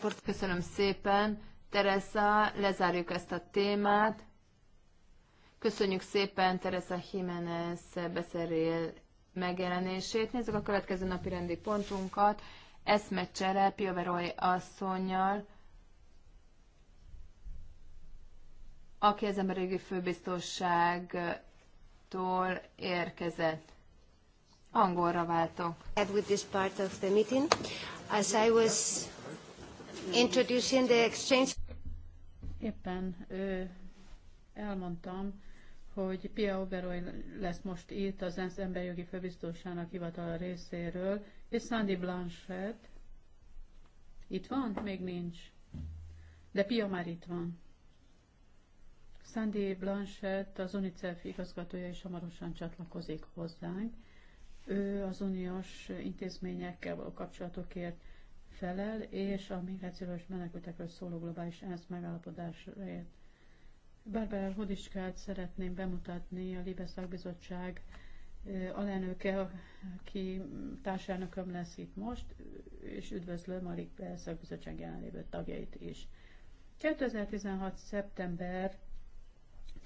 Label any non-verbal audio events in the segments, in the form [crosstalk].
Köszönöm szépen, Teresa, lezárjuk ezt a témát. Köszönjük szépen Teresa Jiménez beszerél megjelenését. Nézzük a következő napi rendi pontunkat. Csere, Pioveroy asszonynal, aki az emberi főbiztosságtól érkezett. Angolra váltok. With this part of the meeting. As I was introducing the exchange... Éppen ö, elmondtam, hogy Pia Oberoi lesz most itt az ENSZ emberjogi főbiztosának hivatala részéről, és Sandy Blanchett. Itt van? Még nincs. De Pia már itt van. Sandy Blanchett, az UNICEF igazgatója is hamarosan csatlakozik hozzánk. Ő az uniós intézményekkel való kapcsolatokért felel, és a migrációs menekültekről szóló globális ENSZ megállapodásért. Barbara Hodiskát szeretném bemutatni, a Libe szakbizottság alelnöke, aki társelnököm lesz itt most, és üdvözlöm a Libe szakbizottság jelenlévő tagjait is. 2016. szeptember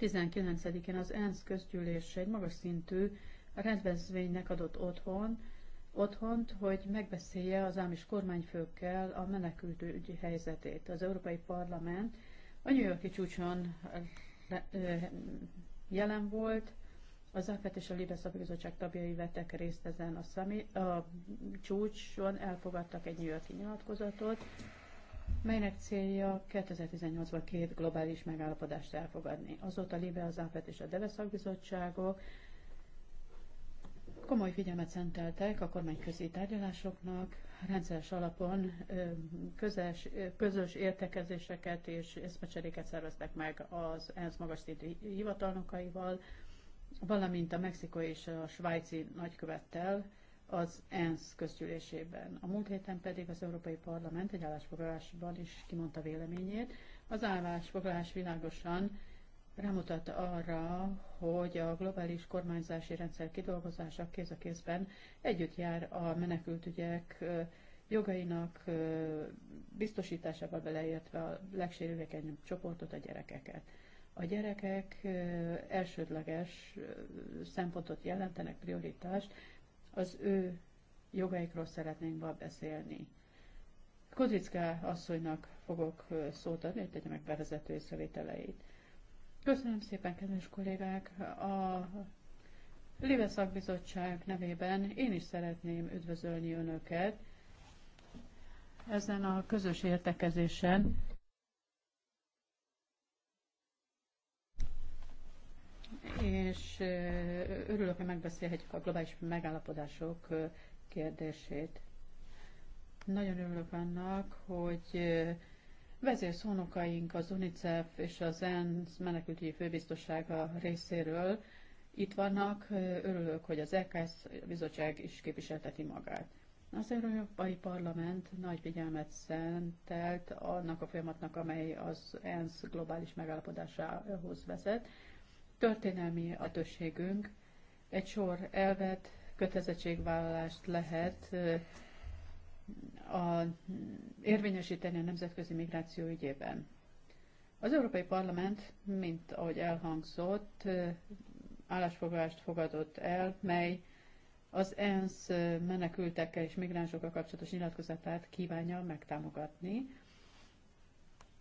19-én az ENSZ közgyűlés egy magas szintű a rendezvénynek adott otthon, otthont, hogy megbeszélje az ámis kormányfőkkel a menekültügyi helyzetét. Az Európai Parlament a New Yorki csúcson eh, eh, jelen volt, az AFET és a Libe Szabizottság tagjai vettek részt ezen a, szami, a csúcson, elfogadtak egy New Yorki nyilatkozatot, melynek célja 2018-ban két globális megállapodást elfogadni. Azóta Libe, az AFET és a Deve szakbizottságok komoly figyelmet szenteltek a kormányközi tárgyalásoknak, rendszeres alapon közös, közös értekezéseket és eszmecseréket szerveztek meg az ENSZ magas szintű hivatalnokaival, valamint a Mexikó és a svájci nagykövettel az ENSZ közgyűlésében. A múlt héten pedig az Európai Parlament egy állásfoglalásban is kimondta véleményét. Az állásfoglalás világosan rámutat arra, hogy a globális kormányzási rendszer kidolgozása kéz a kézben együtt jár a menekültügyek jogainak biztosításával beleértve a legsérülékenyebb csoportot, a gyerekeket. A gyerekek elsődleges szempontot jelentenek, prioritást, az ő jogaikról szeretnénk ma beszélni. Kozicka asszonynak fogok szót adni, hogy tegye meg bevezető észrevételeit. Köszönöm szépen, kedves kollégák! A Live Szakbizottság nevében én is szeretném üdvözölni Önöket ezen a közös értekezésen. És örülök, hogy megbeszélhetjük a globális megállapodások kérdését. Nagyon örülök annak, hogy Vezérszónokaink az UNICEF és az ENSZ menekültügyi főbiztossága részéről itt vannak. Örülök, hogy az EKSZ bizottság is képviselteti magát. Az Európai Parlament nagy figyelmet szentelt annak a folyamatnak, amely az ENSZ globális megállapodásához vezet. Történelmi a egy sor elvet, kötelezettségvállalást lehet a, érvényesíteni a nemzetközi migráció ügyében. Az Európai Parlament, mint ahogy elhangzott, állásfoglalást fogadott el, mely az ENSZ menekültekkel és migránsokkal kapcsolatos nyilatkozatát kívánja megtámogatni.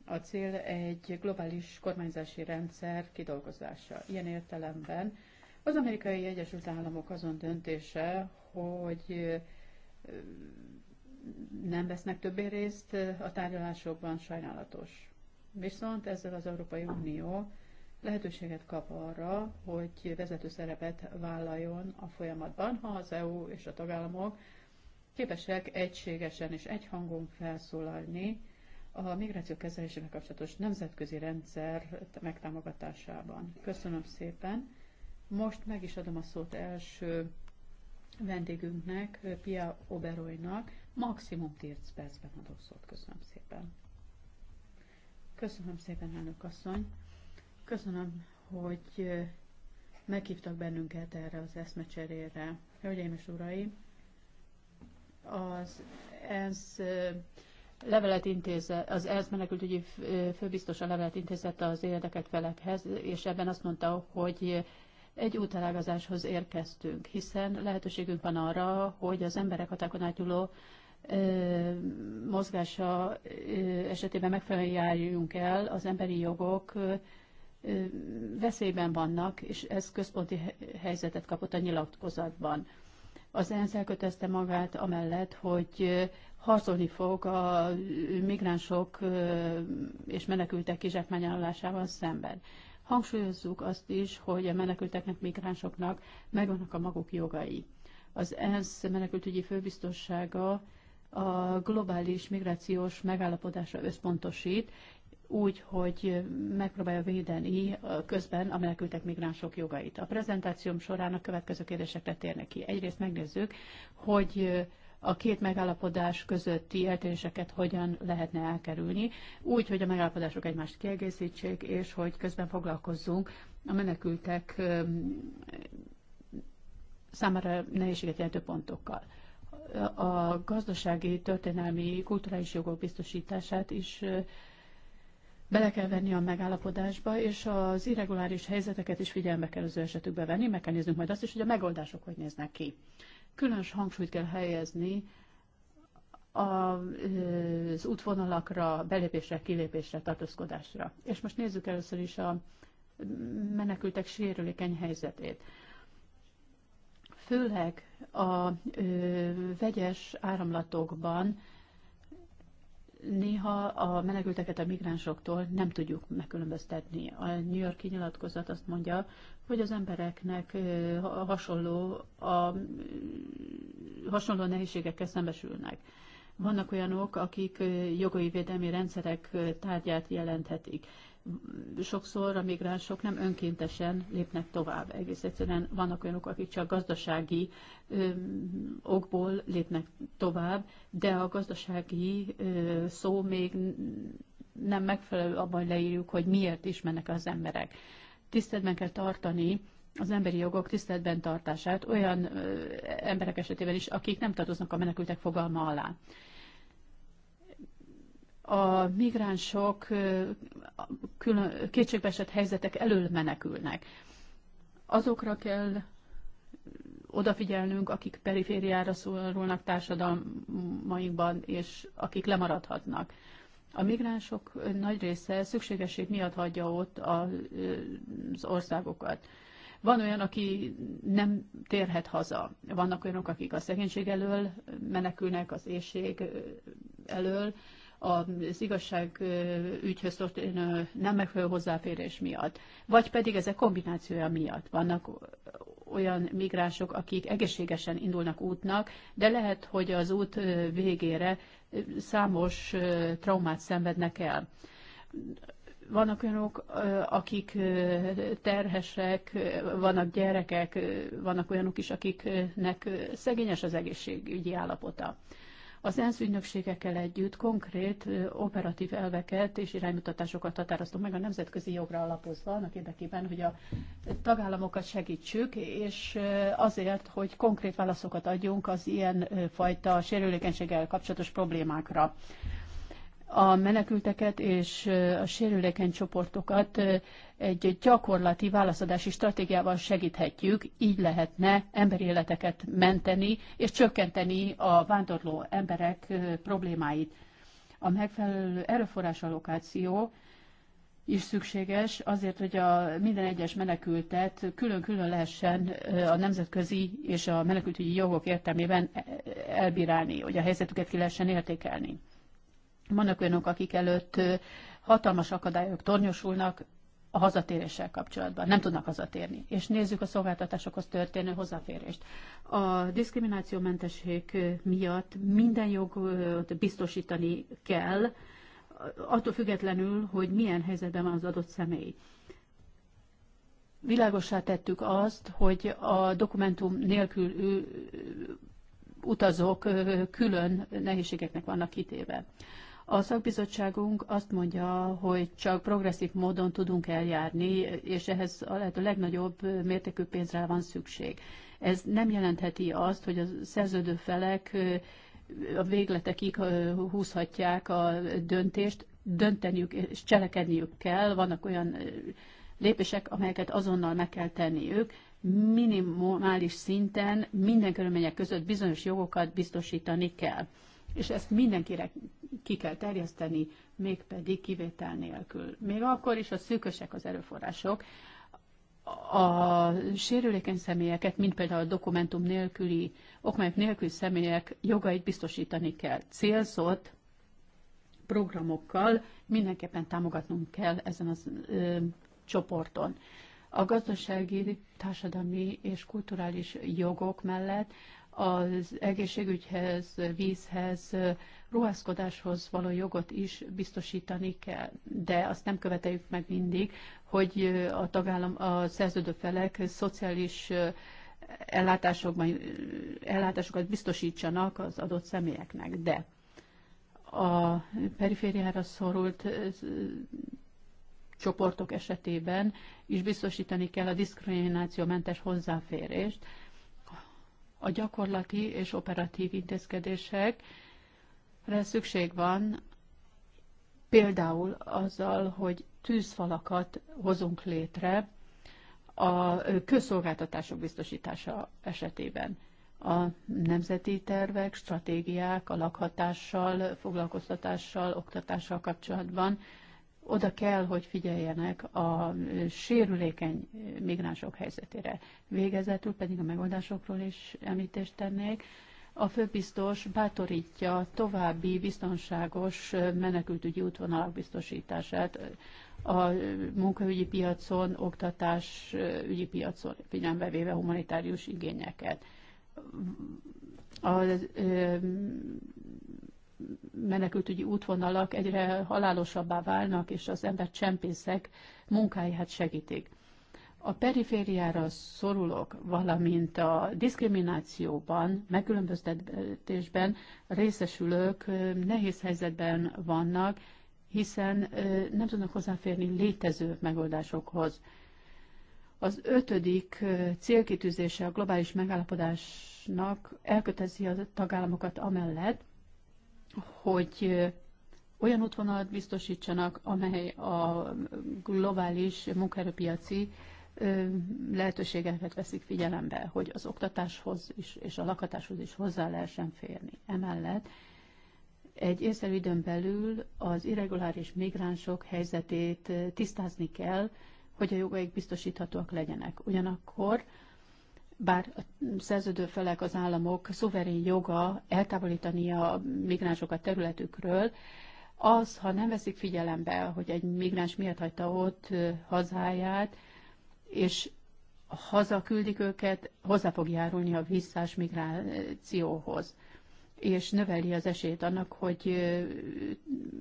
A cél egy globális kormányzási rendszer kidolgozása. Ilyen értelemben az amerikai Egyesült Államok azon döntése, hogy nem vesznek többé részt a tárgyalásokban, sajnálatos. Viszont ezzel az Európai Unió lehetőséget kap arra, hogy vezető szerepet vállaljon a folyamatban, ha az EU és a tagállamok képesek egységesen és egyhangon felszólalni a migráció kezelésével kapcsolatos nemzetközi rendszer megtámogatásában. Köszönöm szépen! Most meg is adom a szót első vendégünknek, Pia Oberoynak maximum 10 percben adok szót. Köszönöm szépen. Köszönöm szépen, elnök asszony. Köszönöm, hogy eh, meghívtak bennünket erre az eszmecserére. Hölgyeim és uraim, az ENSZ eh, levelet intézett, az ENSZ menekültügyi eh, főbiztos a levelet intézett az érdeket felekhez, és ebben azt mondta, hogy egy útelágazáshoz érkeztünk, hiszen lehetőségünk van arra, hogy az emberek hatákon átnyúló mozgása esetében megfelelően járjunk el, az emberi jogok veszélyben vannak, és ez központi helyzetet kapott a nyilatkozatban. Az ENSZ elkötelezte magát amellett, hogy harcolni fog a migránsok és menekültek kizsákmányolásával szemben. Hangsúlyozzuk azt is, hogy a menekülteknek, migránsoknak megvannak a maguk jogai. Az ENSZ menekültügyi főbiztossága a globális migrációs megállapodásra összpontosít, úgy, hogy megpróbálja védeni közben a menekültek migránsok jogait. A prezentációm során a következő kérdésekre térnek ki. Egyrészt megnézzük, hogy a két megállapodás közötti eltéréseket hogyan lehetne elkerülni, úgy, hogy a megállapodások egymást kiegészítsék, és hogy közben foglalkozzunk a menekültek számára nehézséget jelentő pontokkal. A gazdasági, történelmi, kulturális jogok biztosítását is bele kell venni a megállapodásba, és az irreguláris helyzeteket is figyelme kell az ő esetükbe venni, meg kell néznünk majd azt is, hogy a megoldások hogy néznek ki. Különös hangsúlyt kell helyezni az útvonalakra, belépésre, kilépésre, tartózkodásra. És most nézzük először is a menekültek sérülékeny helyzetét. Főleg a ö, vegyes áramlatokban néha a menekülteket a migránsoktól nem tudjuk megkülönböztetni. A New Yorki nyilatkozat azt mondja, hogy az embereknek hasonló, a, hasonló nehézségekkel szembesülnek. Vannak olyanok, akik jogai védelmi rendszerek tárgyát jelenthetik sokszor a migránsok nem önkéntesen lépnek tovább. Egész egyszerűen vannak olyanok, akik csak gazdasági ö, okból lépnek tovább, de a gazdasági ö, szó még nem megfelelő abban leírjuk, hogy miért is mennek az emberek. Tiszteletben kell tartani az emberi jogok tiszteletben tartását olyan ö, emberek esetében is, akik nem tartoznak a menekültek fogalma alá a migránsok külön, kétségbeesett helyzetek elől menekülnek. Azokra kell odafigyelnünk, akik perifériára szólnak társadalmainkban, és akik lemaradhatnak. A migránsok nagy része szükségesség miatt hagyja ott az országokat. Van olyan, aki nem térhet haza. Vannak olyanok, akik a szegénység elől menekülnek, az éjség elől, az igazságügyhöz történő nem megfelelő hozzáférés miatt, vagy pedig ezek kombinációja miatt. Vannak olyan migránsok, akik egészségesen indulnak útnak, de lehet, hogy az út végére számos traumát szenvednek el. Vannak olyanok, akik terhesek, vannak gyerekek, vannak olyanok is, akiknek szegényes az egészségügyi állapota. Az ENSZ ügynökségekkel együtt konkrét operatív elveket és iránymutatásokat határoztunk meg a nemzetközi jogra alapozva, annak érdekében, hogy a tagállamokat segítsük, és azért, hogy konkrét válaszokat adjunk az ilyen fajta sérülékenységgel kapcsolatos problémákra a menekülteket és a sérülékeny csoportokat egy gyakorlati válaszadási stratégiával segíthetjük, így lehetne emberi életeket menteni és csökkenteni a vándorló emberek problémáit. A megfelelő erőforrás allokáció is szükséges azért, hogy a minden egyes menekültet külön-külön lehessen a nemzetközi és a menekültügyi jogok értelmében e, e, elbírálni, hogy a helyzetüket ki lehessen értékelni. Vannak olyanok, akik előtt hatalmas akadályok tornyosulnak a hazatéréssel kapcsolatban. Nem tudnak hazatérni. És nézzük a szolgáltatásokhoz történő hozzáférést. A diszkriminációmentesség miatt minden jogot biztosítani kell, attól függetlenül, hogy milyen helyzetben van az adott személy. Világosá tettük azt, hogy a dokumentum nélkül utazók külön nehézségeknek vannak kitéve. A szakbizottságunk azt mondja, hogy csak progresszív módon tudunk eljárni, és ehhez a lehető legnagyobb mértékű pénzre van szükség. Ez nem jelentheti azt, hogy a szerződő felek a végletekig húzhatják a döntést, dönteniük és cselekedniük kell, vannak olyan lépések, amelyeket azonnal meg kell tenniük, minimális szinten minden körülmények között bizonyos jogokat biztosítani kell és ezt mindenkire ki kell terjeszteni, mégpedig kivétel nélkül. Még akkor is, a szűkösek az erőforrások, a sérülékeny személyeket, mint például a dokumentum nélküli, okmányok nélküli személyek jogait biztosítani kell. Célzott programokkal mindenképpen támogatnunk kell ezen a csoporton. A gazdasági, társadalmi és kulturális jogok mellett az egészségügyhez, vízhez, ruházkodáshoz való jogot is biztosítani kell. De azt nem követeljük meg mindig, hogy a tagállam, a szerződő felek szociális ellátásokban, ellátásokat biztosítsanak az adott személyeknek. De a perifériára szorult csoportok esetében is biztosítani kell a diszkriminációmentes hozzáférést, a gyakorlati és operatív intézkedésekre szükség van, például azzal, hogy tűzfalakat hozunk létre a közszolgáltatások biztosítása esetében. A nemzeti tervek, stratégiák a lakhatással, foglalkoztatással, oktatással kapcsolatban oda kell, hogy figyeljenek a sérülékeny migránsok helyzetére. Végezetül pedig a megoldásokról is említést tennék. A főbiztos bátorítja további biztonságos menekültügyi útvonalak biztosítását a munkaügyi piacon, oktatás ügyi piacon, figyelembe véve humanitárius igényeket. A menekültügyi útvonalak egyre halálosabbá válnak, és az ember csempészek munkáját segítik. A perifériára szorulók, valamint a diszkriminációban, megkülönböztetésben részesülők nehéz helyzetben vannak, hiszen nem tudnak hozzáférni létező megoldásokhoz. Az ötödik célkitűzése a globális megállapodásnak elkötezi a tagállamokat amellett, hogy olyan útvonalat biztosítsanak, amely a globális munkaerőpiaci lehetőségeket veszik figyelembe, hogy az oktatáshoz is, és a lakatáshoz is hozzá lehessen férni. Emellett egy észszerű időn belül az irreguláris migránsok helyzetét tisztázni kell, hogy a jogaik biztosíthatóak legyenek. Ugyanakkor bár a szerződő felek az államok szuverén joga eltávolítani a migránsokat területükről, az, ha nem veszik figyelembe, hogy egy migráns miért hagyta ott hazáját, és haza küldik őket, hozzá fog járulni a visszás migrációhoz és növeli az esélyt annak, hogy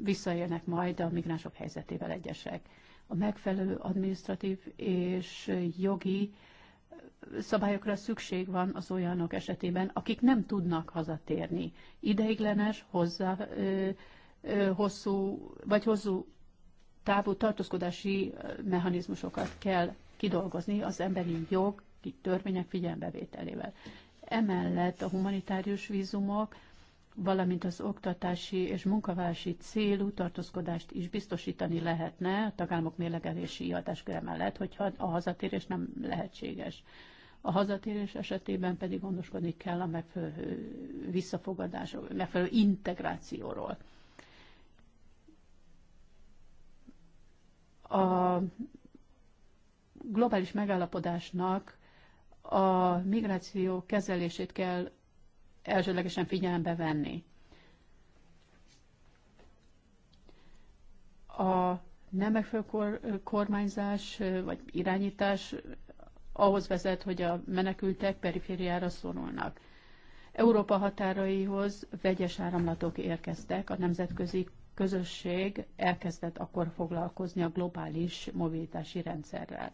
visszaélnek majd a migránsok helyzetével egyesek. A megfelelő administratív és jogi szabályokra szükség van az olyanok esetében, akik nem tudnak hazatérni. Ideiglenes, hozzá, ö, ö, hosszú vagy hosszú távú tartózkodási mechanizmusokat kell kidolgozni az emberi jog törvények figyelembevételével. Emellett a humanitárius vízumok, valamint az oktatási és munkavási célú tartózkodást is biztosítani lehetne a tagállamok mérlegelési hatáskör mellett, hogyha a hazatérés nem lehetséges a hazatérés esetében pedig gondoskodni kell a megfelelő visszafogadásról, megfelelő integrációról. A globális megállapodásnak a migráció kezelését kell elsődlegesen figyelembe venni. A nem megfelelő kormányzás vagy irányítás ahhoz vezet, hogy a menekültek perifériára szorulnak. Európa határaihoz vegyes áramlatok érkeztek, a nemzetközi közösség elkezdett akkor foglalkozni a globális mobilitási rendszerrel.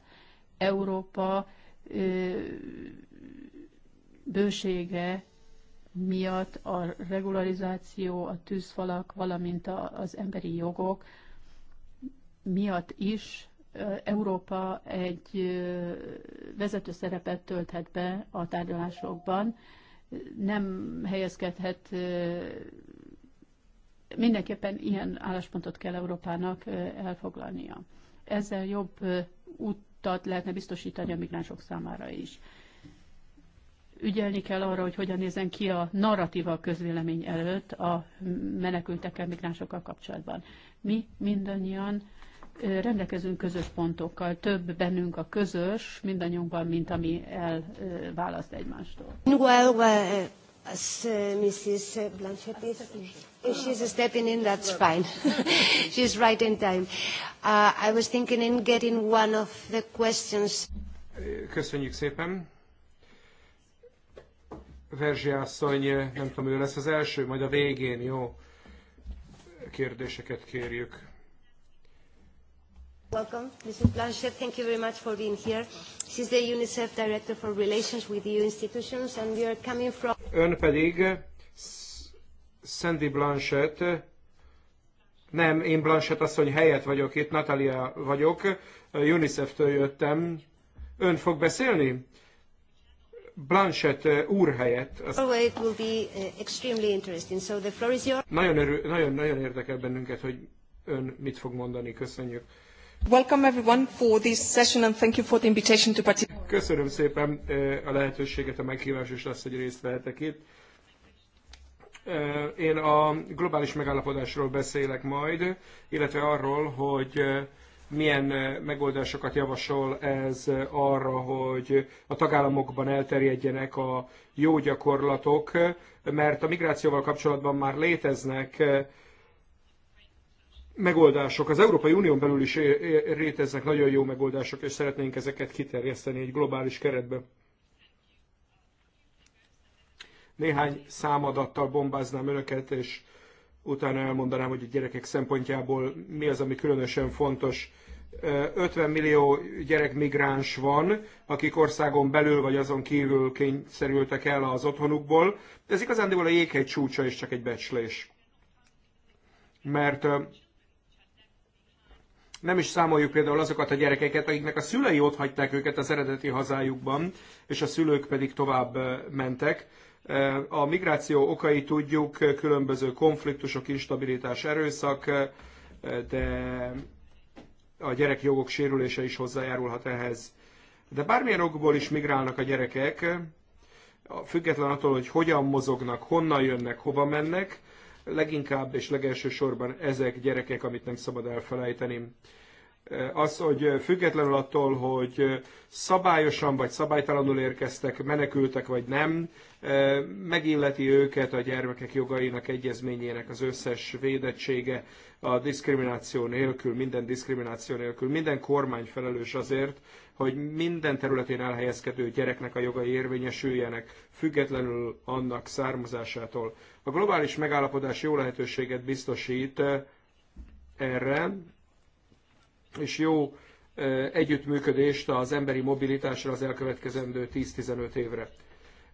Európa ö, bősége miatt a regularizáció, a tűzfalak, valamint az emberi jogok miatt is Európa egy vezető szerepet tölthet be a tárgyalásokban, nem helyezkedhet mindenképpen ilyen álláspontot kell Európának elfoglalnia. Ezzel jobb utat lehetne biztosítani a migránsok számára is. Ügyelni kell arra, hogy hogyan nézen ki a narratíva a közvélemény előtt a menekültekkel, migránsokkal kapcsolatban. Mi mindannyian rendelkezünk közös pontokkal, több bennünk a közös, mindannyiunkban, mint ami elválaszt egymástól. Well, well, as uh, Mrs. Blanchett is, if she's stepping in, that's fine. [laughs] she's right in time. Uh, I was thinking in getting one of the questions. Köszönjük szépen. Verzsi asszony, uh, nem tudom, ő lesz az első, majd a végén, jó? Kérdéseket kérjük. Welcome, Mrs. Blanchet. Thank you very much for being here. She's the UNICEF Director for Relations with EU Institutions, and we are coming from... Ön pedig Sandy Blanchet, nem, én Blanchet asszony helyett vagyok itt, Natalia vagyok, UNICEF-től jöttem. Ön fog beszélni? Blanchet úr helyett. Az... Nagyon, nagyon, nagyon érdekel bennünket, hogy ön mit fog mondani. Köszönjük. Welcome everyone for this session and thank you for the invitation to participate. Köszönöm szépen eh, a lehetőséget, a meghívás is lesz, hogy részt vehetek itt. Eh, én a globális megállapodásról beszélek majd, illetve arról, hogy eh, milyen megoldásokat javasol ez arra, hogy a tagállamokban elterjedjenek a jó gyakorlatok, mert a migrációval kapcsolatban már léteznek megoldások. Az Európai Unión belül is réteznek nagyon jó megoldások, és szeretnénk ezeket kiterjeszteni egy globális keretbe. Néhány számadattal bombáznám önöket, és utána elmondanám, hogy a gyerekek szempontjából mi az, ami különösen fontos. 50 millió gyerek migráns van, akik országon belül vagy azon kívül kényszerültek el az otthonukból. Ez igazándiból a jéghegy csúcsa és csak egy becslés. Mert nem is számoljuk például azokat a gyerekeket, akiknek a szülei ott hagyták őket az eredeti hazájukban, és a szülők pedig tovább mentek. A migráció okai tudjuk, különböző konfliktusok, instabilitás, erőszak, de a gyerek jogok sérülése is hozzájárulhat ehhez. De bármilyen okból is migrálnak a gyerekek, független attól, hogy hogyan mozognak, honnan jönnek, hova mennek, leginkább és legelső sorban ezek gyerekek, amit nem szabad elfelejteni. Eh, az, hogy eh, függetlenül attól, hogy eh, szabályosan vagy szabálytalanul érkeztek, menekültek vagy nem, megilleti őket a gyermekek jogainak egyezményének az összes védettsége a diszkrimináció nélkül, minden diszkrimináció nélkül. Minden kormány felelős azért, hogy minden területén elhelyezkedő gyereknek a jogai érvényesüljenek, függetlenül annak származásától. A globális megállapodás jó lehetőséget biztosít eh, erre, és jó eh, együttműködést az emberi mobilitásra az elkövetkezendő 10-15 évre.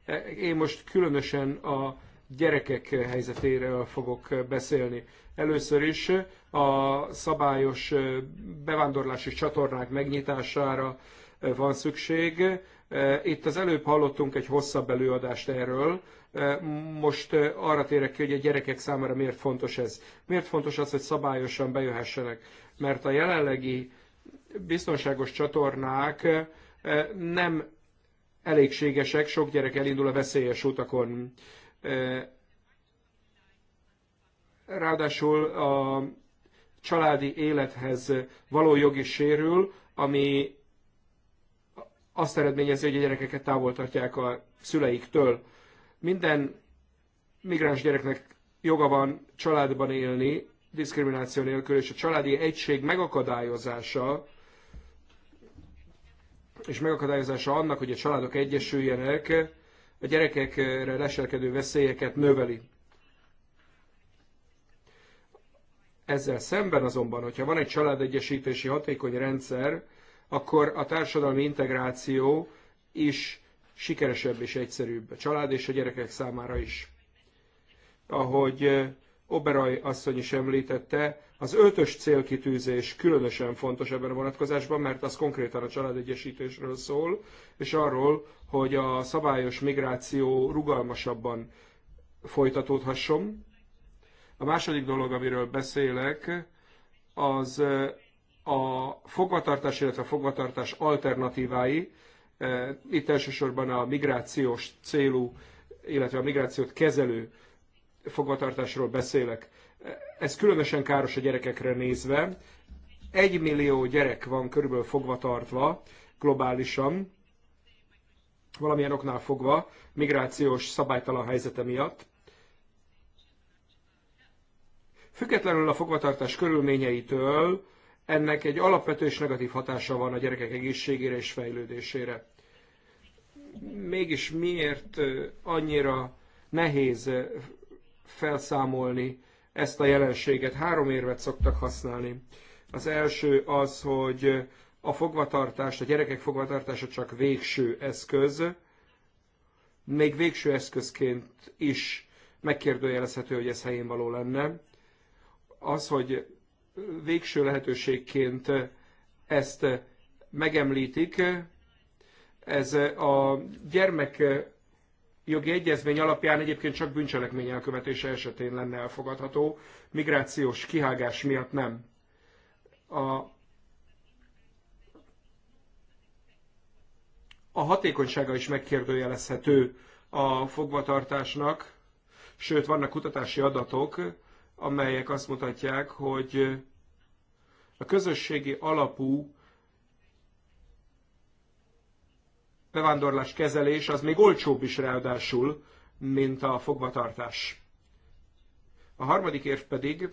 Eh, én most különösen a gyerekek helyzetéről fogok beszélni. Először is a szabályos bevándorlási csatornák megnyitására van szükség. Itt az előbb hallottunk egy hosszabb előadást erről. Most arra térek ki, hogy a gyerekek számára miért fontos ez. Miért fontos az, hogy szabályosan bejöhessenek? Mert a jelenlegi biztonságos csatornák eh, nem elégségesek, sok gyerek elindul a veszélyes utakon. Ráadásul a családi élethez való jog is sérül, ami azt eredményezi, hogy a gyerekeket távol tartják a szüleiktől. Minden migráns gyereknek joga van családban élni, diszkrimináció nélkül, és a családi egység megakadályozása, és megakadályozása annak, hogy a családok egyesüljenek, a gyerekekre leselkedő veszélyeket növeli. Ezzel szemben azonban, hogyha van egy családegyesítési hatékony rendszer, akkor a társadalmi integráció is sikeresebb és egyszerűbb a család és a gyerekek számára is. Ahogy Oberaj asszony is említette, az ötös célkitűzés különösen fontos ebben a vonatkozásban, mert az konkrétan a családegyesítésről szól, és arról, hogy a szabályos migráció rugalmasabban folytatódhasson. A második dolog, amiről beszélek, az eh, a fogvatartás, illetve a fogvatartás alternatívái, eh, itt elsősorban a migrációs célú, illetve a migrációt kezelő fogvatartásról beszélek. Ez különösen káros a gyerekekre nézve. Egy millió gyerek van körülbelül fogvatartva globálisan, valamilyen oknál fogva, migrációs szabálytalan helyzete miatt. Függetlenül a fogvatartás körülményeitől, ennek egy alapvető és negatív hatása van a gyerekek egészségére és fejlődésére. Mégis miért annyira nehéz felszámolni ezt a jelenséget. Három érvet szoktak használni. Az első az, hogy a fogvatartást, a gyerekek fogvatartása csak végső eszköz, még végső eszközként is megkérdőjelezhető, hogy ez helyén való lenne. Az, hogy végső lehetőségként ezt megemlítik, ez a gyermek jogi egyezmény alapján egyébként csak bűncselekmény elkövetése esetén lenne elfogadható, migrációs kihágás miatt nem. A, a hatékonysága is megkérdőjelezhető a fogvatartásnak, sőt vannak kutatási adatok, amelyek azt mutatják, hogy a közösségi alapú bevándorlás kezelés az még olcsóbb is ráadásul, mint a fogvatartás. A harmadik érv pedig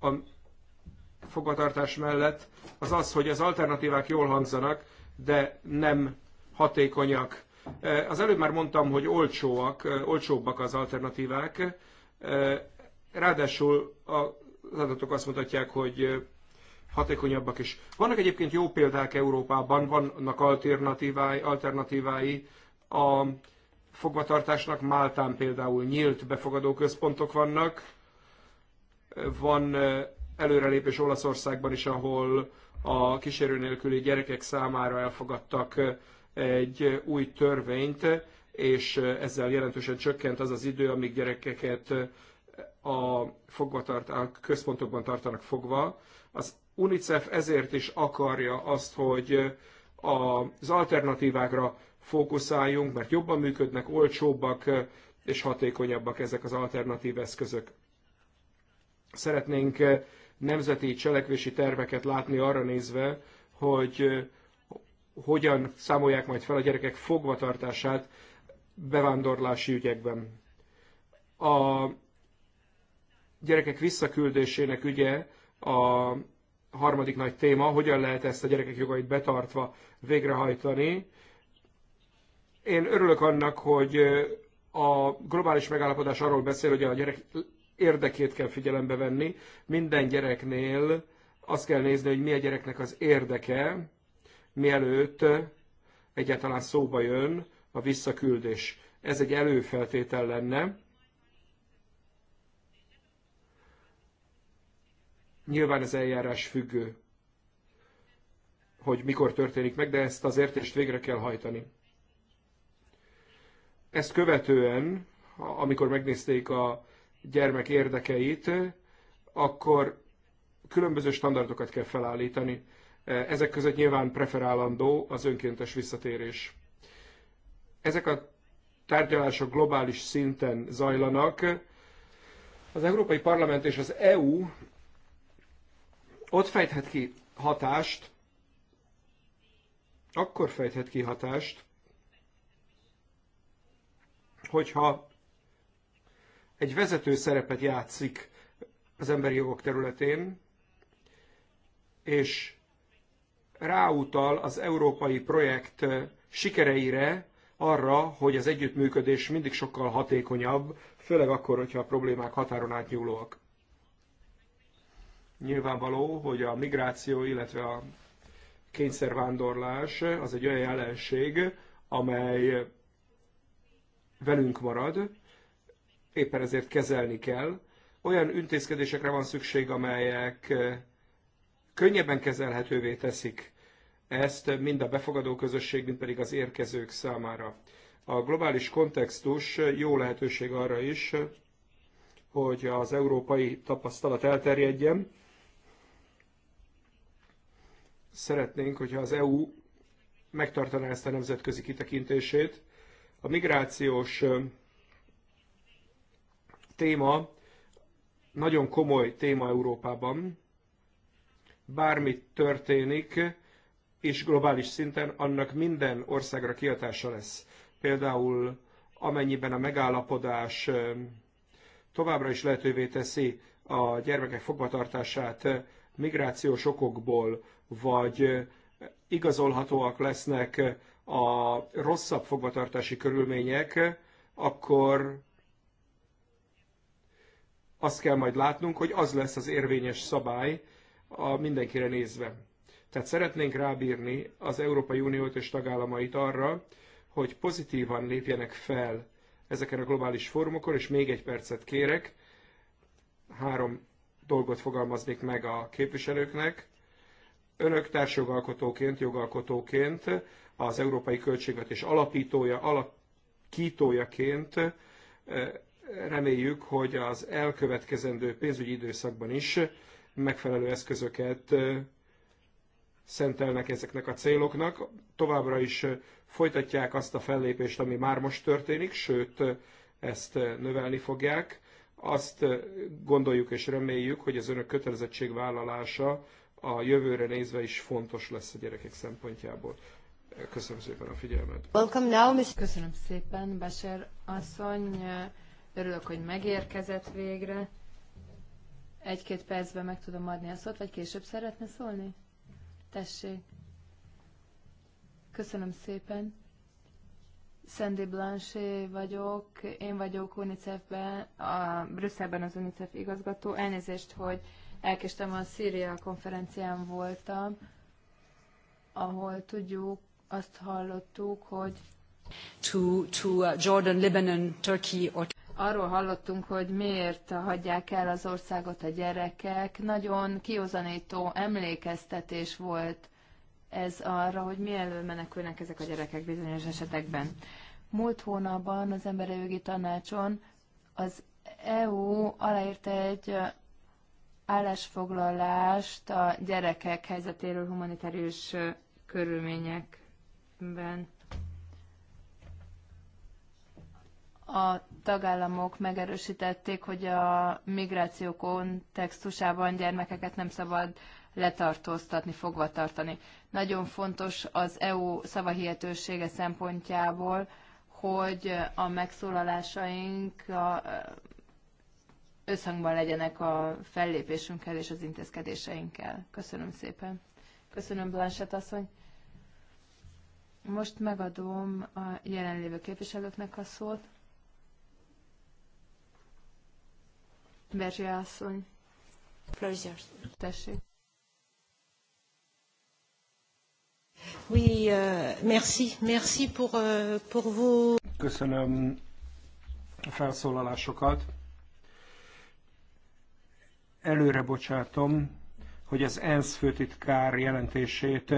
a fogvatartás mellett az az, hogy az alternatívák jól hangzanak, de nem hatékonyak. Az előbb már mondtam, hogy olcsóak, olcsóbbak az alternatívák. Ráadásul az adatok azt mutatják, hogy hatékonyabbak is. Vannak egyébként jó példák Európában, vannak alternatívái, alternatívái a fogvatartásnak. Máltán például nyílt befogadó központok vannak. Van előrelépés Olaszországban is, ahol a kísérő nélküli gyerekek számára elfogadtak egy új törvényt, és ezzel jelentősen csökkent az az idő, amíg gyerekeket a a központokban tartanak fogva. Az UNICEF ezért is akarja azt, hogy az alternatívákra fókuszáljunk, mert jobban működnek, olcsóbbak és hatékonyabbak ezek az alternatív eszközök. Szeretnénk nemzeti cselekvési terveket látni arra nézve, hogy hogyan számolják majd fel a gyerekek fogvatartását bevándorlási ügyekben. A gyerekek visszaküldésének ügye a harmadik nagy téma, hogyan lehet ezt a gyerekek jogait betartva végrehajtani. Én örülök annak, hogy a globális megállapodás arról beszél, hogy a gyerek érdekét kell figyelembe venni. Minden gyereknél azt kell nézni, hogy mi a gyereknek az érdeke, mielőtt egyáltalán szóba jön a visszaküldés. Ez egy előfeltétel lenne. Nyilván az eljárás függő, hogy mikor történik meg, de ezt az értést végre kell hajtani. Ezt követően, amikor megnézték a gyermek érdekeit, akkor különböző standardokat kell felállítani. E, ezek között nyilván preferálandó az önkéntes visszatérés. Ezek a tárgyalások globális szinten zajlanak. Az Európai Parlament és az EU ott fejthet ki hatást, akkor fejthet ki hatást, hogyha egy vezető szerepet játszik az emberi jogok területén, és ráutal az európai projekt sikereire, arra, hogy az együttműködés mindig sokkal hatékonyabb, főleg akkor, hogyha a problémák határon átnyúlóak. Nyilvánvaló, hogy a migráció, illetve a kényszervándorlás az egy olyan jelenség, amely velünk marad, éppen ezért kezelni kell. Olyan intézkedésekre van szükség, amelyek könnyebben kezelhetővé teszik ezt mind a befogadó közösség, mind pedig az érkezők számára. A globális kontextus jó lehetőség arra is, hogy az európai tapasztalat elterjedjen, szeretnénk, hogyha az EU megtartaná ezt a nemzetközi kitekintését. A migrációs téma nagyon komoly téma Európában. Bármi történik, és globális szinten annak minden országra kiatása lesz. Például amennyiben a megállapodás továbbra is lehetővé teszi a gyermekek fogvatartását migrációs okokból, vagy igazolhatóak lesznek a rosszabb fogvatartási körülmények, akkor azt kell majd látnunk, hogy az lesz az érvényes szabály a mindenkire nézve. Tehát szeretnénk rábírni az Európai Uniót és tagállamait arra, hogy pozitívan lépjenek fel ezeken a globális fórumokon, és még egy percet kérek, három dolgot fogalmaznék meg a képviselőknek. Önök társjogalkotóként, jogalkotóként, az Európai Költségvetés alapítója, alakítójaként eh, reméljük, hogy az elkövetkezendő pénzügyi időszakban is megfelelő eszközöket eh, szentelnek ezeknek a céloknak. Továbbra is eh, folytatják azt a fellépést, ami már most történik, sőt, ezt növelni fogják. Azt gondoljuk és reméljük, hogy az önök kötelezettségvállalása a jövőre nézve is fontos lesz a gyerekek szempontjából. Köszönöm szépen a figyelmet. Welcome now, Ms. Köszönöm szépen, Beser asszony. Örülök, hogy megérkezett végre. Egy-két percben meg tudom adni a szót, vagy később szeretne szólni? Tessék. Köszönöm szépen. Sandy Blanché vagyok, én vagyok UNICEF-ben, a Brüsszelben az UNICEF igazgató. Elnézést, hogy Elkéstem a Szíria konferencián voltam, ahol tudjuk, azt hallottuk, hogy to, to uh, Jordan, Lebanon, Turkey or Arról hallottunk, hogy miért hagyják el az országot a gyerekek. Nagyon kiozanító emlékeztetés volt ez arra, hogy mielőtt menekülnek ezek a gyerekek bizonyos esetekben. Múlt hónapban az Emberi Jogi Tanácson az EU aláírta egy állásfoglalást a gyerekek helyzetéről humanitárius körülményekben. A tagállamok megerősítették, hogy a migráció kontextusában gyermekeket nem szabad letartóztatni, fogva tartani. Nagyon fontos az EU szavahihetősége szempontjából, hogy a megszólalásaink a összhangban legyenek a fellépésünkkel és az intézkedéseinkkel. Köszönöm szépen. Köszönöm, Blanchett asszony. Most megadom a jelenlévő képviselőknek a szót. Berzsia asszony. Pleasure. Tessék. Oui, euh, merci, merci pour, euh, pour vos... Köszönöm a felszólalásokat előre bocsátom, hogy az ENSZ főtitkár jelentését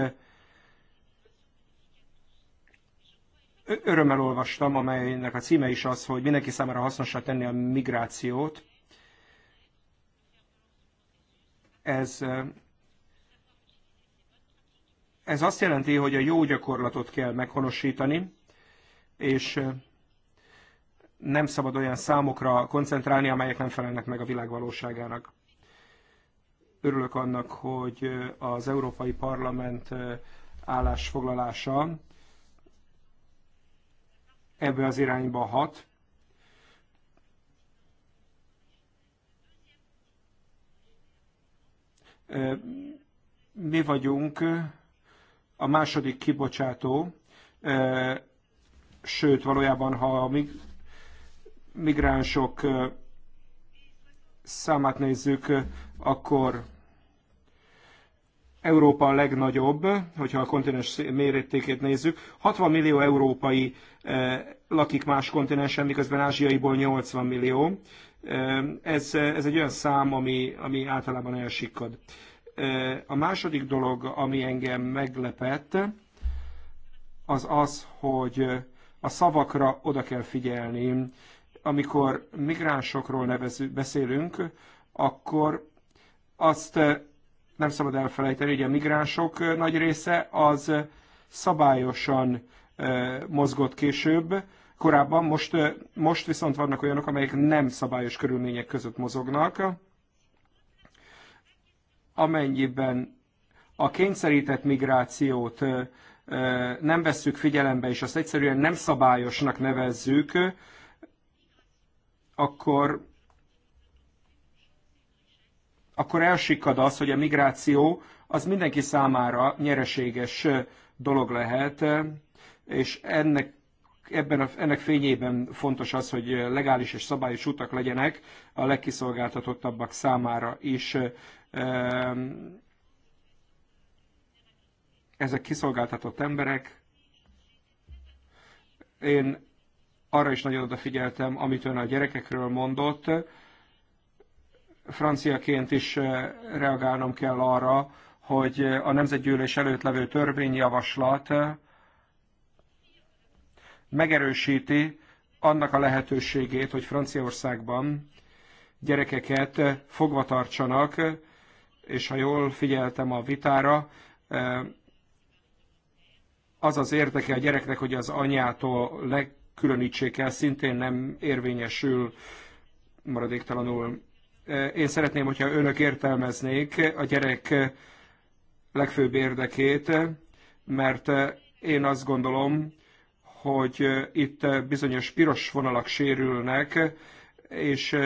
örömmel olvastam, amelynek a címe is az, hogy mindenki számára hasznosra tenni a migrációt. Ez, ez azt jelenti, hogy a jó gyakorlatot kell meghonosítani, és nem szabad olyan számokra koncentrálni, amelyek nem felelnek meg a világ valóságának. Örülök annak, hogy az Európai Parlament állásfoglalása ebbe az irányba hat. Mi vagyunk a második kibocsátó, sőt, valójában, ha a migránsok számát nézzük, akkor Európa a legnagyobb, hogyha a kontinens mérettékét nézzük. 60 millió európai eh, lakik más kontinensen, miközben ázsiaiból 80 millió. Eh, ez, ez egy olyan szám, ami, ami általában elsikkad. Eh, a második dolog, ami engem meglepett, az az, hogy a szavakra oda kell figyelni amikor migránsokról nevezünk, beszélünk, akkor azt eh, nem szabad elfelejteni, hogy a migránsok eh, nagy része az szabályosan eh, mozgott később, korábban, most, most viszont vannak olyanok, amelyek nem szabályos körülmények között mozognak, amennyiben a kényszerített migrációt nem vesszük figyelembe, és azt egyszerűen nem szabályosnak nevezzük, akkor akkor elsikad az, hogy a migráció az mindenki számára nyereséges dolog lehet, és ennek, ebben a, ennek fényében fontos az, hogy legális és szabályos utak legyenek a legkiszolgáltatottabbak számára is. Ezek kiszolgáltatott emberek. Én arra is nagyon odafigyeltem, amit ön a gyerekekről mondott. Franciaként is eh, reagálnom kell arra, hogy eh, a nemzetgyűlés előtt levő törvényjavaslat eh, megerősíti annak a lehetőségét, hogy Franciaországban gyerekeket fogva tartsanak, és ha jól figyeltem a vitára, az az érdeke a gyereknek, hogy az anyától leg, különítsék el, szintén nem érvényesül maradéktalanul. E, én szeretném, hogyha önök értelmeznék a gyerek legfőbb érdekét, mert én azt gondolom, hogy itt bizonyos piros vonalak sérülnek, és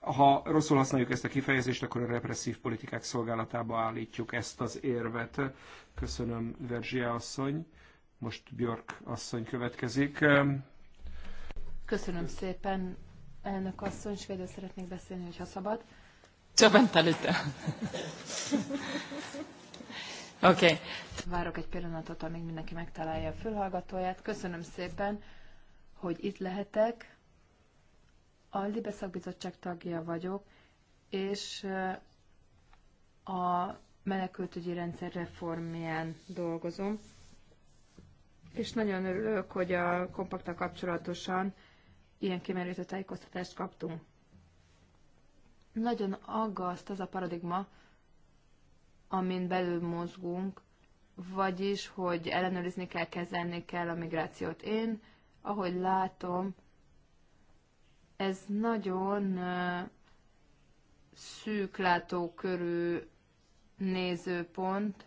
ha rosszul használjuk ezt a kifejezést, akkor a represszív politikák szolgálatába állítjuk ezt az érvet. Köszönöm, Verzsia asszony. Most Björk asszony következik. Köszönöm szépen, elnök asszony, svédül szeretnék beszélni, hogyha szabad. Csak előtte. Oké. Okay. Várok egy pillanatot, amíg mindenki megtalálja a fülhallgatóját. Köszönöm szépen, hogy itt lehetek. A Libe szakbizottság tagja vagyok, és a menekültügyi rendszer reformján dolgozom. És nagyon örülök, hogy a kompakta kapcsolatosan ilyen kimerítő tájékoztatást kaptunk. Nagyon aggaszt az a paradigma, amin belül mozgunk, vagyis, hogy ellenőrizni kell, kezelni kell a migrációt. Én, ahogy látom, ez nagyon szűk látókörű nézőpont,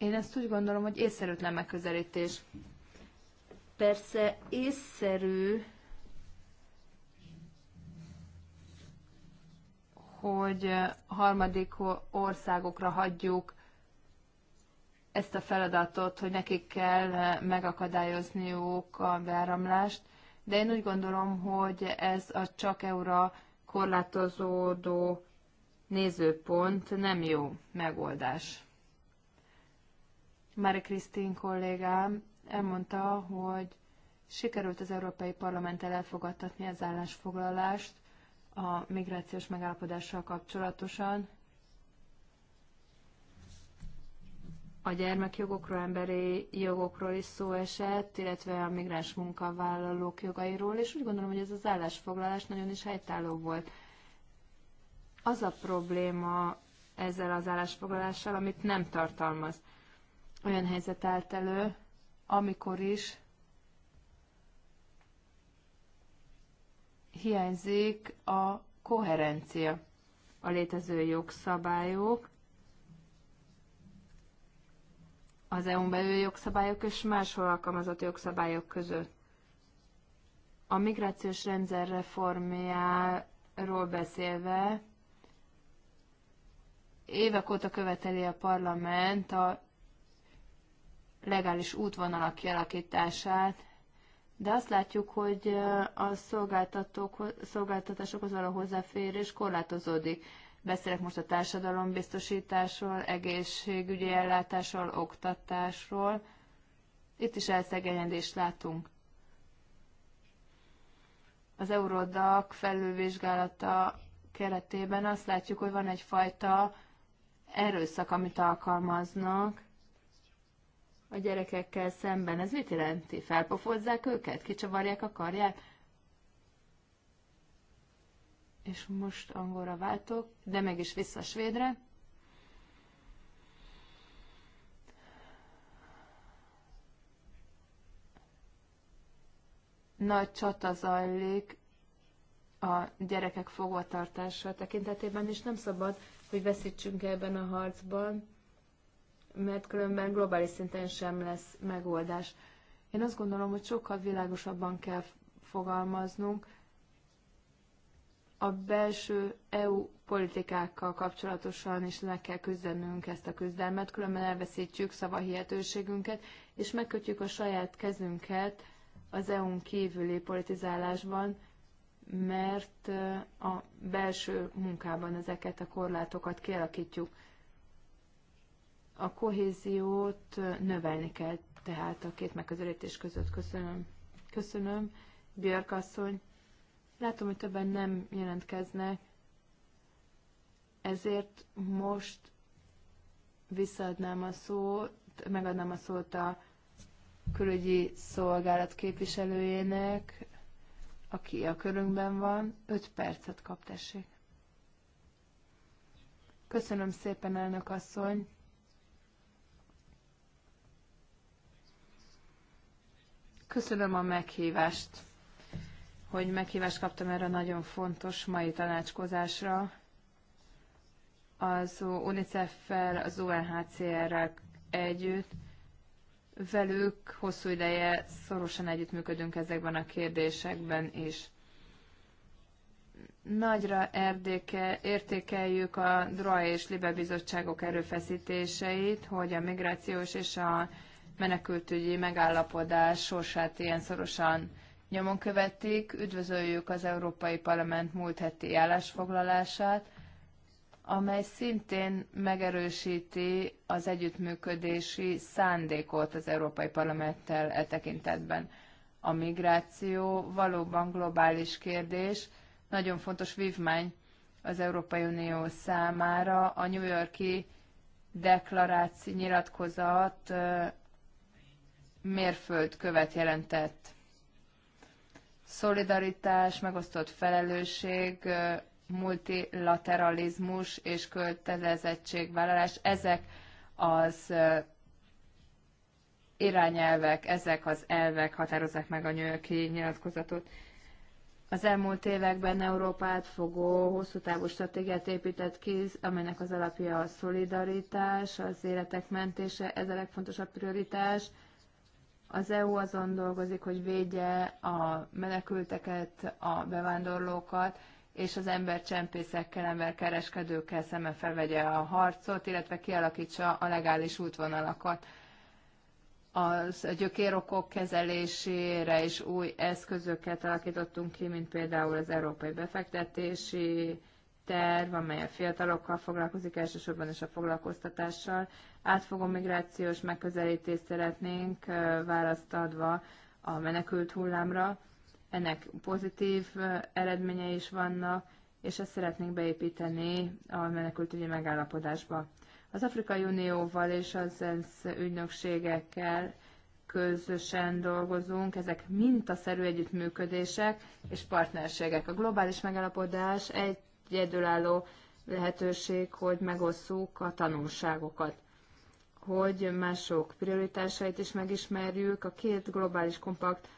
Én ezt úgy gondolom, hogy észszerűtlen megközelítés. Persze észszerű, hogy harmadik országokra hagyjuk ezt a feladatot, hogy nekik kell megakadályozniuk a beáramlást, de én úgy gondolom, hogy ez a csak eura korlátozódó nézőpont nem jó megoldás. Mári Krisztin kollégám elmondta, hogy sikerült az Európai Parlamenttel elfogadtatni az állásfoglalást a migrációs megállapodással kapcsolatosan. A gyermekjogokról, emberi jogokról is szó esett, illetve a migráns munkavállalók jogairól, és úgy gondolom, hogy ez az állásfoglalás nagyon is helytálló volt. Az a probléma ezzel az állásfoglalással, amit nem tartalmaz olyan helyzet állt elő, amikor is hiányzik a koherencia a létező jogszabályok, az EU-n belül jogszabályok és máshol alkalmazott jogszabályok között. A migrációs rendszer reformjáról beszélve évek óta követeli a parlament a legális útvonalak kialakítását, de azt látjuk, hogy a szolgáltatók szolgáltatásokhoz való hozzáférés korlátozódik. Beszélek most a társadalombiztosításról, egészségügyi ellátásról, oktatásról. Itt is elszegényedést látunk. Az Eurodac felülvizsgálata keretében azt látjuk, hogy van egyfajta erőszak, amit alkalmaznak, a gyerekekkel szemben. Ez mit jelenti? Felpofozzák őket? Kicsavarják a karját? És most angolra váltok, de meg is vissza svédre. Nagy csata zajlik a gyerekek fogvatartása tekintetében, és nem szabad, hogy veszítsünk ebben a harcban mert különben globális szinten sem lesz megoldás. Én azt gondolom, hogy sokkal világosabban kell fogalmaznunk a belső EU politikákkal kapcsolatosan is le kell küzdenünk ezt a küzdelmet, különben elveszítjük szavahihetőségünket, és megkötjük a saját kezünket az EU-n kívüli politizálásban, mert a belső munkában ezeket a korlátokat kialakítjuk. A kohéziót növelni kell tehát a két megközelítés között. Köszönöm. Köszönöm, Björk asszony. Látom, hogy többen nem jelentkeznek, ezért most visszaadnám a szót, megadnám a szót a külügyi szolgálat képviselőjének, aki a körünkben van, Öt percet kap, tessék. Köszönöm szépen, elnök asszony. Köszönöm a meghívást, hogy meghívást kaptam erre a nagyon fontos mai tanácskozásra. Az UNICEF-fel, az UNHCR-rel együtt velük hosszú ideje szorosan együttműködünk ezekben a kérdésekben is. Nagyra erdéke, értékeljük a DROA és LIBE bizottságok erőfeszítéseit, hogy a migrációs és a menekültügyi megállapodás sorsát ilyen szorosan nyomon követik. Üdvözöljük az Európai Parlament múlt heti állásfoglalását, amely szintén megerősíti az együttműködési szándékot az Európai Parlamenttel e tekintetben. A migráció valóban globális kérdés, nagyon fontos vívmány az Európai Unió számára. A New Yorki deklaráció nyilatkozat mérföldkövet jelentett. Szolidaritás, megosztott felelősség, multilateralizmus és kötelezettségvállalás, ezek az irányelvek, ezek az elvek határozzák meg a nyőki nyilatkozatot. Az elmúlt években Európát fogó hosszú távú stratégiát épített ki, amelynek az alapja a szolidaritás, az életek mentése, ez a legfontosabb prioritás, az EU azon dolgozik, hogy védje a menekülteket, a bevándorlókat, és az embercsempészekkel, emberkereskedőkkel szemben felvegye a harcot, illetve kialakítsa a legális útvonalakat. Az gyökérokok kezelésére is új eszközöket alakítottunk ki, mint például az Európai Befektetési terv, amely a fiatalokkal foglalkozik elsősorban és a foglalkoztatással, átfogó migrációs megközelítést szeretnénk választ adva a menekült hullámra. Ennek pozitív eredménye is vannak, és ezt szeretnénk beépíteni a menekültügyi megállapodásba. Az Afrikai Unióval és az ENSZ ügynökségekkel közösen dolgozunk, ezek mintaszerű együttműködések és partnerségek. A globális megállapodás egyedülálló lehetőség, hogy megosszuk a tanulságokat hogy mások prioritásait is megismerjük. A két globális kompakt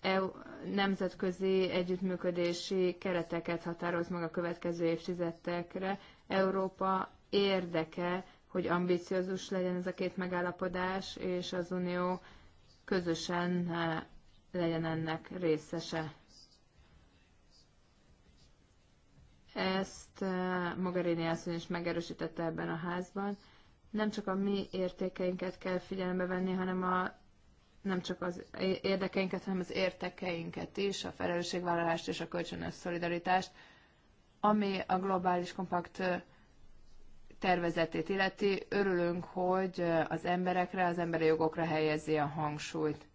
EU nemzetközi együttműködési kereteket határoz meg a következő évtizedekre. Európa érdeke, hogy ambiciózus legyen ez a két megállapodás, és az Unió közösen e, legyen ennek részese. Ezt e, Mogherini asszony is megerősítette ebben a házban nem csak a mi értékeinket kell figyelembe venni, hanem a, nem csak az érdekeinket, hanem az értekeinket is, a felelősségvállalást és a kölcsönös szolidaritást, ami a globális kompakt tervezetét illeti. Örülünk, hogy az emberekre, az emberi jogokra helyezi a hangsúlyt.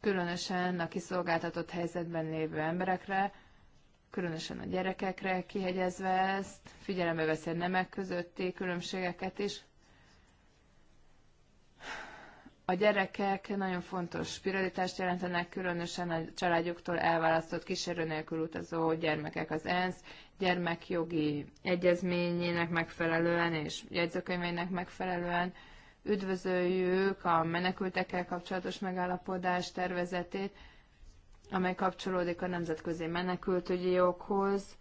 Különösen a kiszolgáltatott helyzetben lévő emberekre, különösen a gyerekekre kihegyezve ezt, figyelembe veszi a nemek közötti különbségeket is. A gyerekek nagyon fontos spiralitást jelentenek, különösen a családjuktól elválasztott kísérő nélkül utazó gyermekek az ENSZ gyermekjogi egyezményének megfelelően és jegyzőkönyvének megfelelően. Üdvözöljük a menekültekkel kapcsolatos megállapodás tervezetét, amely kapcsolódik a nemzetközi menekültügyi joghoz,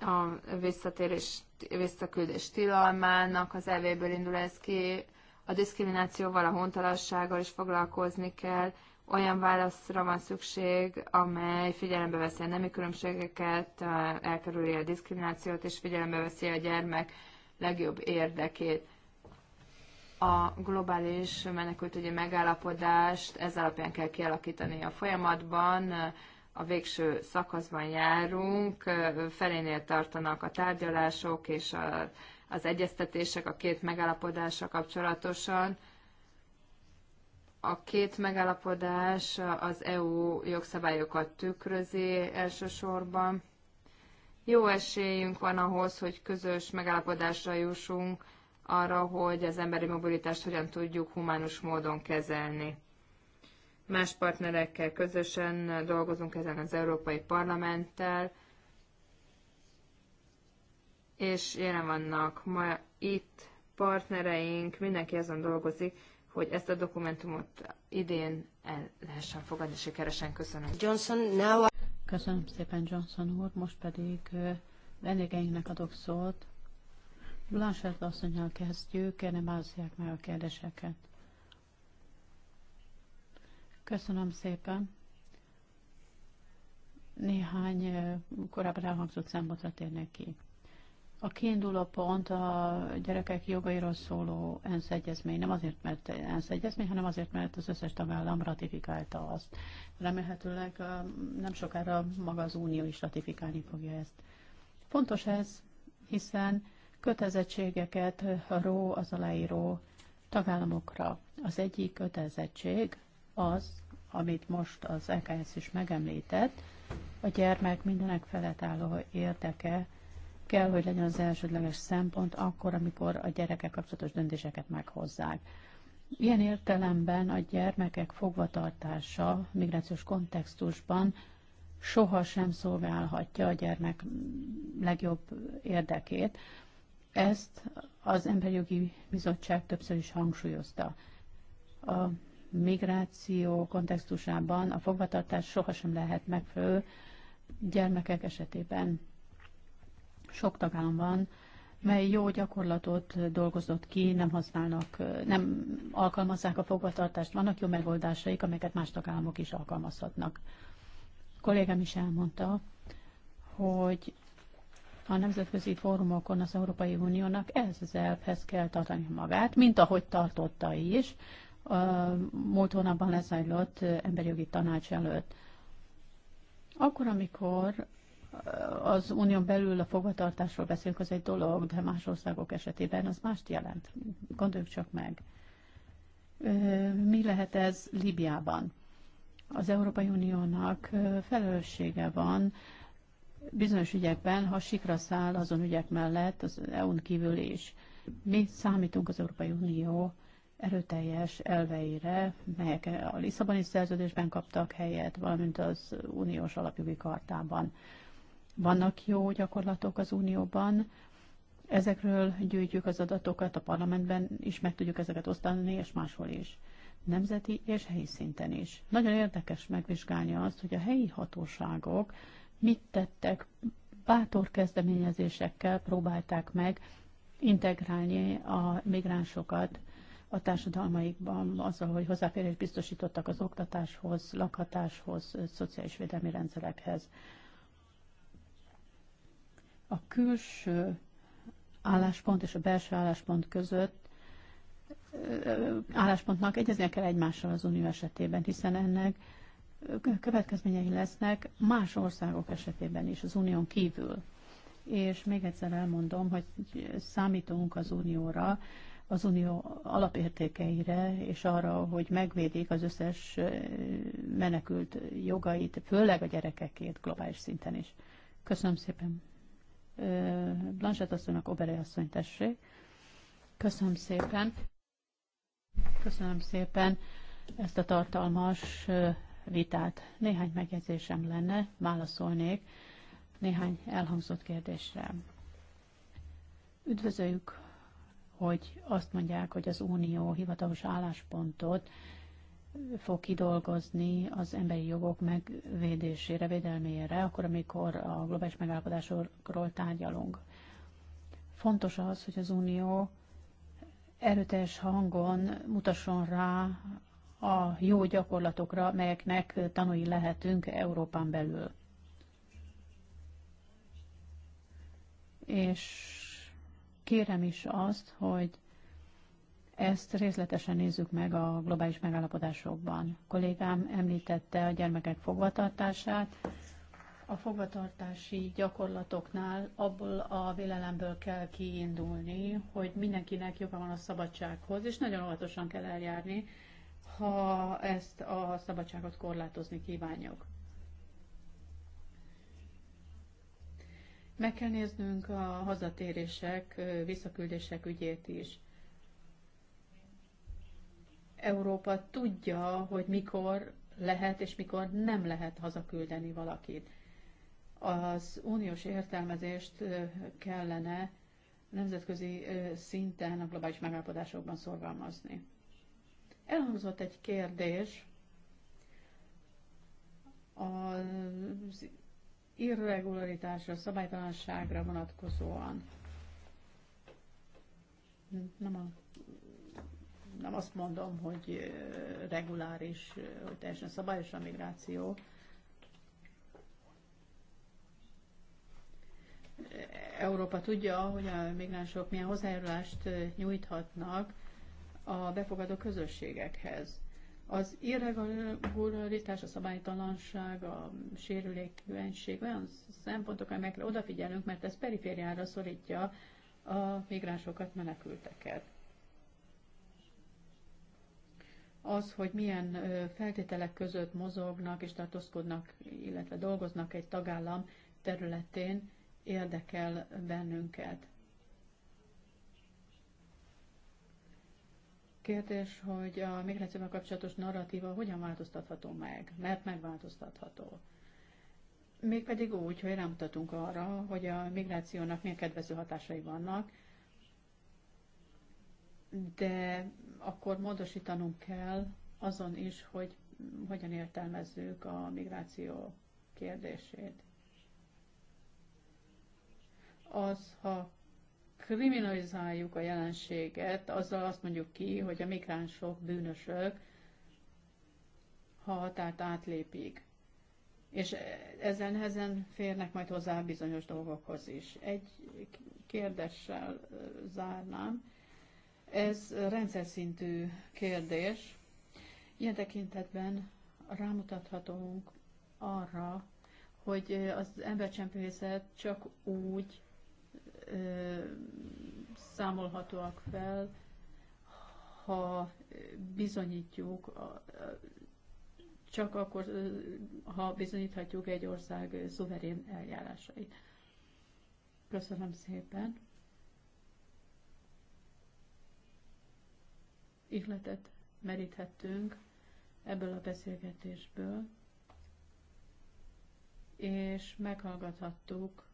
a visszatérés, visszaküldés tilalmának az elvéből indul ez ki, a diszkriminációval, a hontalassággal is foglalkozni kell, olyan válaszra van szükség, amely figyelembe veszi a nemi különbségeket, elkerüli a diszkriminációt, és figyelembe veszi a gyermek legjobb érdekét a globális menekültügyi megállapodást ez alapján kell kialakítani a folyamatban. A végső szakaszban járunk, felénél tartanak a tárgyalások és a, az egyeztetések a két megállapodása kapcsolatosan. A két megállapodás az EU jogszabályokat tükrözi elsősorban. Jó esélyünk van ahhoz, hogy közös megállapodásra jussunk, arra, hogy az emberi mobilitást hogyan tudjuk humánus módon kezelni. Más partnerekkel közösen dolgozunk ezen az Európai Parlamenttel, és jelen vannak ma itt partnereink, mindenki azon dolgozik, hogy ezt a dokumentumot idén el lehessen fogadni sikeresen. Köszönöm. Johnson, now... Köszönöm szépen, Johnson úr. Most pedig vendégeinknek adok szót. Blanchett asszonyjal kezdjük, nem ázzják meg a kérdéseket. Köszönöm szépen. Néhány korábban elhangzott számotra térnek ki. A kiinduló pont a gyerekek jogairól szóló ENSZ egyezmény, nem azért, mert ENSZ egyezmény, hanem azért, mert az összes tagállam ratifikálta azt. Remélhetőleg nem sokára maga az Unió is ratifikálni fogja ezt. Fontos ez, hiszen kötelezettségeket ró az aláíró tagállamokra. Az egyik kötelezettség az, amit most az EKS is megemlített, a gyermek mindenek felett álló érdeke kell, hogy legyen az elsődleges szempont akkor, amikor a gyerekek kapcsolatos döntéseket meghozzák. Ilyen értelemben a gyermekek fogvatartása migrációs kontextusban sohasem szolgálhatja a gyermek legjobb érdekét. Ezt az Jogi Bizottság többször is hangsúlyozta. A migráció kontextusában a fogvatartás sohasem lehet megfelelő gyermekek esetében. Sok tagállam van, mely jó gyakorlatot dolgozott ki, nem használnak, nem alkalmazzák a fogvatartást. Vannak jó megoldásaik, amelyeket más tagállamok is alkalmazhatnak. A kollégám is elmondta, hogy a nemzetközi fórumokon az Európai Uniónak ez az elvhez kell tartani magát, mint ahogy tartotta is a múlt hónapban lezajlott emberjogi tanács előtt. Akkor, amikor az unión belül a fogvatartásról beszélünk, az egy dolog, de más országok esetében az mást jelent. Gondoljuk csak meg. Mi lehet ez Libiában? Az Európai Uniónak felelőssége van, bizonyos ügyekben, ha sikra száll azon ügyek mellett, az EU-n kívül is. Mi számítunk az Európai Unió erőteljes elveire, melyek a Lisszaboni szerződésben kaptak helyet, valamint az uniós alapjogi kartában. Vannak jó gyakorlatok az unióban, ezekről gyűjtjük az adatokat, a parlamentben is meg tudjuk ezeket osztani, és máshol is. Nemzeti és helyi szinten is. Nagyon érdekes megvizsgálni azt, hogy a helyi hatóságok mit tettek, bátor kezdeményezésekkel próbálták meg integrálni a migránsokat a társadalmaikban azzal, hogy hozzáférés biztosítottak az oktatáshoz, lakhatáshoz, szociális védelmi rendszerekhez. A külső álláspont és a belső álláspont között álláspontnak egyeznie kell egymással az unió esetében, hiszen ennek következményei lesznek más országok esetében is, az unión kívül. És még egyszer elmondom, hogy számítunk az unióra, az unió alapértékeire, és arra, hogy megvédik az összes menekült jogait, főleg a gyerekekét globális szinten is. Köszönöm szépen. Blanchett asszonynak, Oberé asszony, tessék. Köszönöm szépen. Köszönöm szépen ezt a tartalmas vitát. Néhány megjegyzésem lenne, válaszolnék néhány elhangzott kérdésre. Üdvözöljük, hogy azt mondják, hogy az Unió hivatalos álláspontot fog kidolgozni az emberi jogok megvédésére, védelmére, akkor, amikor a globális megállapodásokról tárgyalunk. Fontos az, hogy az Unió erőteljes hangon mutasson rá a jó gyakorlatokra, melyeknek tanúi lehetünk Európán belül. És kérem is azt, hogy ezt részletesen nézzük meg a globális megállapodásokban. A kollégám említette a gyermekek fogvatartását. A fogvatartási gyakorlatoknál abból a vélelemből kell kiindulni, hogy mindenkinek joga van a szabadsághoz, és nagyon óvatosan kell eljárni, ha ezt a szabadságot korlátozni kívánjuk. Meg kell néznünk a hazatérések, visszaküldések ügyét is. Európa tudja, hogy mikor lehet és mikor nem lehet hazaküldeni valakit. Az uniós értelmezést kellene nemzetközi szinten a globális megállapodásokban szorgalmazni. Elhangzott egy kérdés az irregularitásra, szabálytalanságra vonatkozóan. Nem, a, nem azt mondom, hogy reguláris, hogy teljesen szabályos a migráció. Európa tudja, hogy a migránsok milyen hozzájárulást nyújthatnak a befogadó közösségekhez. Az irregularitás, a szabálytalanság, a sérülékenység olyan szempontok, amelyekre odafigyelünk, mert ez perifériára szorítja a migránsokat, menekülteket. Az, hogy milyen feltételek között mozognak és tartózkodnak, illetve dolgoznak egy tagállam területén, érdekel bennünket. Kérdés, hogy a migrációval kapcsolatos narratíva hogyan változtatható meg, mert megváltoztatható. Mégpedig úgy, hogy rámutatunk arra, hogy a migrációnak milyen kedvező hatásai vannak, de akkor módosítanunk kell azon is, hogy hogyan értelmezzük a migráció kérdését. Az, ha kriminalizáljuk a jelenséget, azzal azt mondjuk ki, hogy a migránsok bűnösök, ha határt átlépik. És ezen hezen férnek majd hozzá bizonyos dolgokhoz is. Egy kérdéssel zárnám. Ez rendszer szintű kérdés. Ilyen tekintetben rámutathatunk arra, hogy az embercsempészet csak úgy számolhatóak fel, ha bizonyítjuk, csak akkor, ha bizonyíthatjuk egy ország szuverén eljárásait. Köszönöm szépen. Ihletet meríthettünk ebből a beszélgetésből, és meghallgathattuk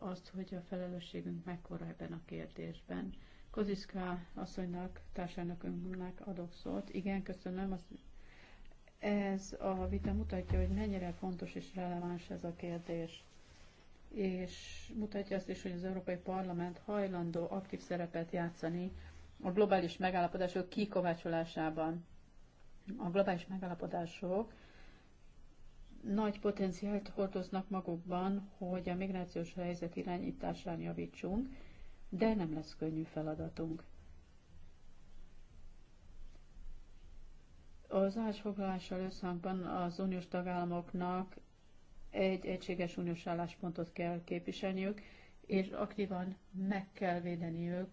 azt, hogy a felelősségünk mekkora ebben a kérdésben. Koziszka asszonynak, önnek adok szót. Igen, köszönöm. Ez a vita mutatja, hogy mennyire fontos és releváns ez a kérdés. És mutatja azt is, hogy az Európai Parlament hajlandó aktív szerepet játszani a globális megállapodások kikovácsolásában. A globális megállapodások nagy potenciált hordoznak magukban, hogy a migrációs helyzet irányításán javítsunk, de nem lesz könnyű feladatunk. Az állásfoglalással összhangban az uniós tagállamoknak egy egységes uniós álláspontot kell képviselniük, és aktívan meg kell védeniük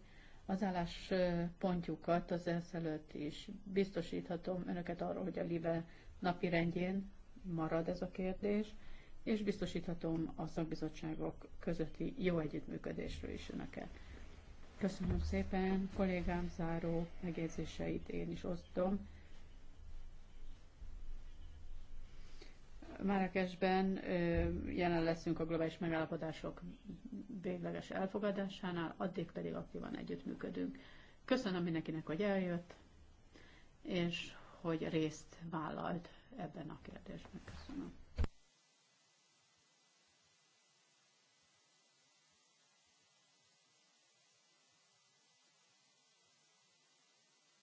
az álláspontjukat az ENSZ előtt is. Biztosíthatom önöket arról, hogy a LIVE napi rendjén marad ez a kérdés, és biztosíthatom a szakbizottságok közötti jó együttműködésről is önöket. Köszönöm szépen, kollégám záró megjegyzéseit én is osztom. Márakesben jelen leszünk a globális megállapodások végleges elfogadásánál, addig pedig aktívan együttműködünk. Köszönöm mindenkinek, hogy eljött, és hogy részt vállalt ebben a kérdésben. Köszönöm.